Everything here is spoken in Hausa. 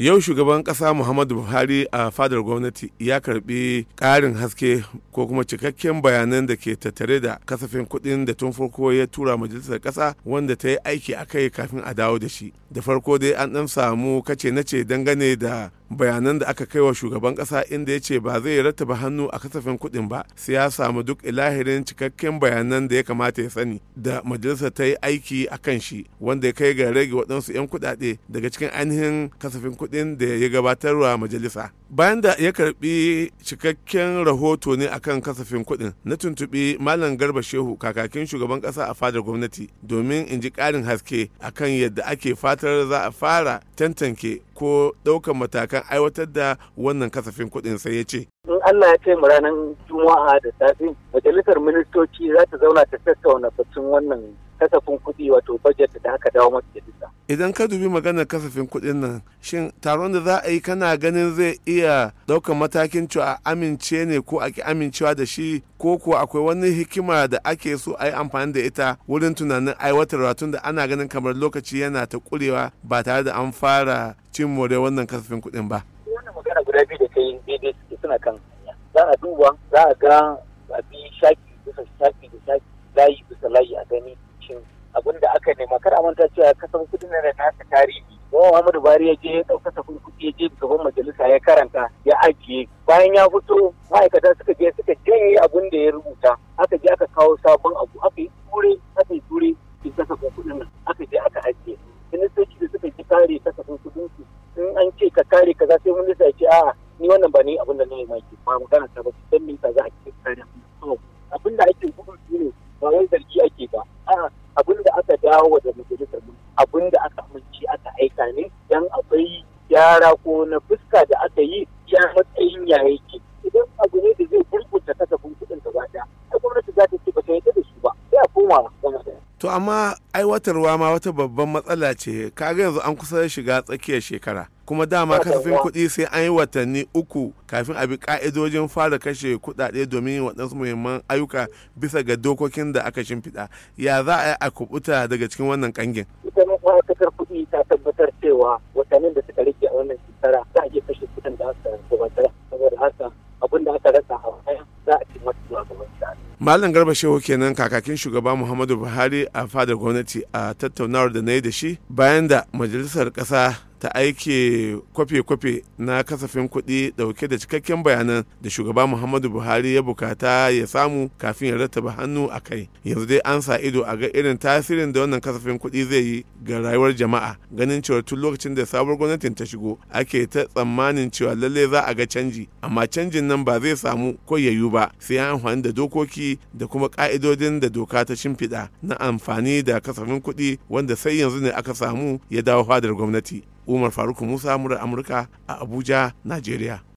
yau shugaban kasa muhammadu buhari a fadar gwamnati ya karbi karin haske ko kuma cikakken bayanan da ke tattare da kasafin kuɗin da tun farko ya tura majalisar kasa wanda ta yi aiki a kai kafin a dawo da shi da farko dai an ɗan samu kace nace dangane da bayanan da aka kai wa shugaban kasa inda ya ce ba zai rattaba hannu a kasafin kuɗin ba sai ya samu duk ilahirin cikakken bayanan da ya kamata ya sani da majalisa ta yi aiki a kan shi wanda ya kai ga rage waɗansu 'yan kuɗaɗe daga cikin ainihin kasafin kuɗin da ya gabatarwa majalisa bayan da ya karbi cikakken rahoto ne akan kasafin kuɗin na tuntuɓi malam garba shehu kakakin shugaban ƙasa a fadar gwamnati domin in ji ƙarin haske akan yadda ake fatar za a fara tantance ko ɗaukan matakan aiwatar da wannan kasafin kuɗin sai ya ce in Allah ya kai mu ranar Juma'a da safe majalisar ministoci za ta zauna ta tattauna batun wannan kasafin kuɗi wato budget da aka dawo majalisa. Idan ka dubi maganar kasafin kuɗin nan, shin taron da za a yi kana ganin zai iya ɗaukar matakin cewa a amince ne ko a ki amincewa da shi ko kuwa akwai wani hikima da ake so a yi amfani da ita wurin tunanin aiwatarwa tun da ana ganin kamar lokaci yana ta ƙurewa ba tare da an fara cin more wannan kasafin kuɗin ba. Wannan magana guda biyu da kai daidai suna kan hanya. za a duba za a ga aka nema kar a manta cewa kasan kudi na da nasa tarihi kuma Muhammadu Buhari ya je ya ɗauka tafin kuɗi ya je gaban majalisa ya karanta ya ajiye bayan ya fito ma'aikata suka je suka janye abin da ya rubuta aka je aka kawo sabon abu aka yi ture aka yi ture in kasafin kuɗin nan aka je aka ajiye ministoci da suka ji kare kasafin kuɗin su in an ce ka kare kaza sai minista ya ce a'a ni wannan ba ni abin da na yi maki ba magana ta ba dan me za a mutane dan akwai gyara ko na fuska da aka yi ya matsayin ya yake idan abu ne da zai burkuta kasafin kuɗin gaba ɗaya ai gwamnati za ta ce ba ta da su ba sai a koma to amma aiwatarwa ma wata babban matsala ce kaga yanzu an kusa shiga tsakiyar shekara kuma dama kasafin kuɗi sai an yi watanni uku kafin a bi ka'idojin fara kashe kuɗaɗe domin yin waɗansu muhimman ayyuka bisa ga dokokin da aka shimfiɗa ya za a yi a kubuta daga cikin wannan ƙangin. ita ma'aikatar kuɗi ta tabbatar cewa watannin da suka rike a wannan shekara za a iya kashe kuɗin da aka gabatar saboda haka abin da aka rasa a baya za a ci masu zuwa gaban Malam Garba Shehu kenan kakakin shugaba Muhammadu Buhari a fadar gwamnati a tattaunawar da na yi da shi bayan da majalisar ƙasa ta aike kwafe-kwafe na kasafin kuɗi ɗauke da cikakken bayanan da shugaba muhammadu buhari ya bukata ya samu kafin ya rattaba hannu a kai yanzu dai an sa ido a ga irin tasirin da wannan kasafin kuɗi zai yi ga rayuwar jama'a ganin cewa tun lokacin da sabuwar gwamnatin ta shigo ake ta tsammanin cewa lallai za a ga canji amma canjin nan ba zai samu ko yayu ba sai an amfani da dokoki da kuma ka'idodin da doka ta shimfiɗa na amfani da kasafin kuɗi wanda sai yanzu ne aka samu ya dawo fadar gwamnati umar faruk musa murar amurka a abuja Nigeria.